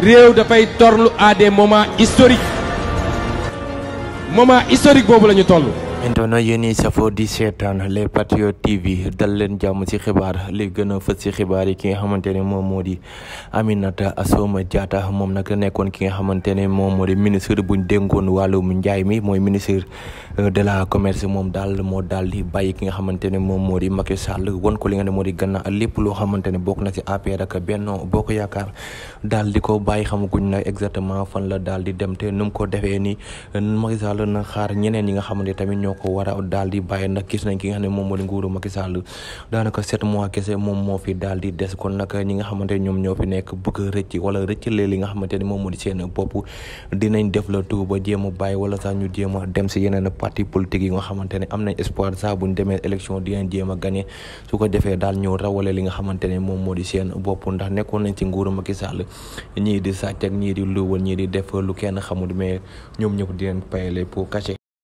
réew dafay torlu à des moments historiques moment historique boobu la ñu toll maintenant yéen ñii safoo di seetaan les patriotes TV dal leen jàmm ci xibaar li gën a fës ci xibaar yi ki nga xamante ne moom moo di Aminata Assome Diatta moom nag nekkoon ki nga xamante ne moom moo di ministre buñ dénkoon wàllum njaay mi mooy ministre euh, de la commerce moom daal moo daal di bàyyi ki nga xamante ne moom moo di Macky Sall won ko li nga ne moo di gannaaw lépp loo xamante ne bokk na ci APR ak Benno Bokk Yaakaar daal di ko bàyyi xamaguñ nag exactement fan la daal di dem te nu mu ko defee nii Macky xaar ñeneen ñi nga xamante tamit ñoo ko war a daal di bàyyi nag gis nañ ki nga xam ne moom moo di nguuru Macky Sall daanaka sept mois kese moom moo fi daal di des kon nag ñi nga xamante ñoom ñoo fi nekk bëgg rëcc wala rëcc lee nga xamante ni moom moo di seen bopp dinañ def la tout ba jéem a bàyyi wala sax ñu jéem a dem si yeneen parti politique yi nga xamante ne am nañ espoir sax buñ demee élection dinañ jéem a gagné su ko defee daal ñu rawale li nga xamante ne moom moo di seen bopp ndax nekkoon nañ ci nguuru Macky Sall ñii di sàcc ñii di lu luwal ñii di def lu kenn xamul mais ñoom ñëpp di leen payale pour caché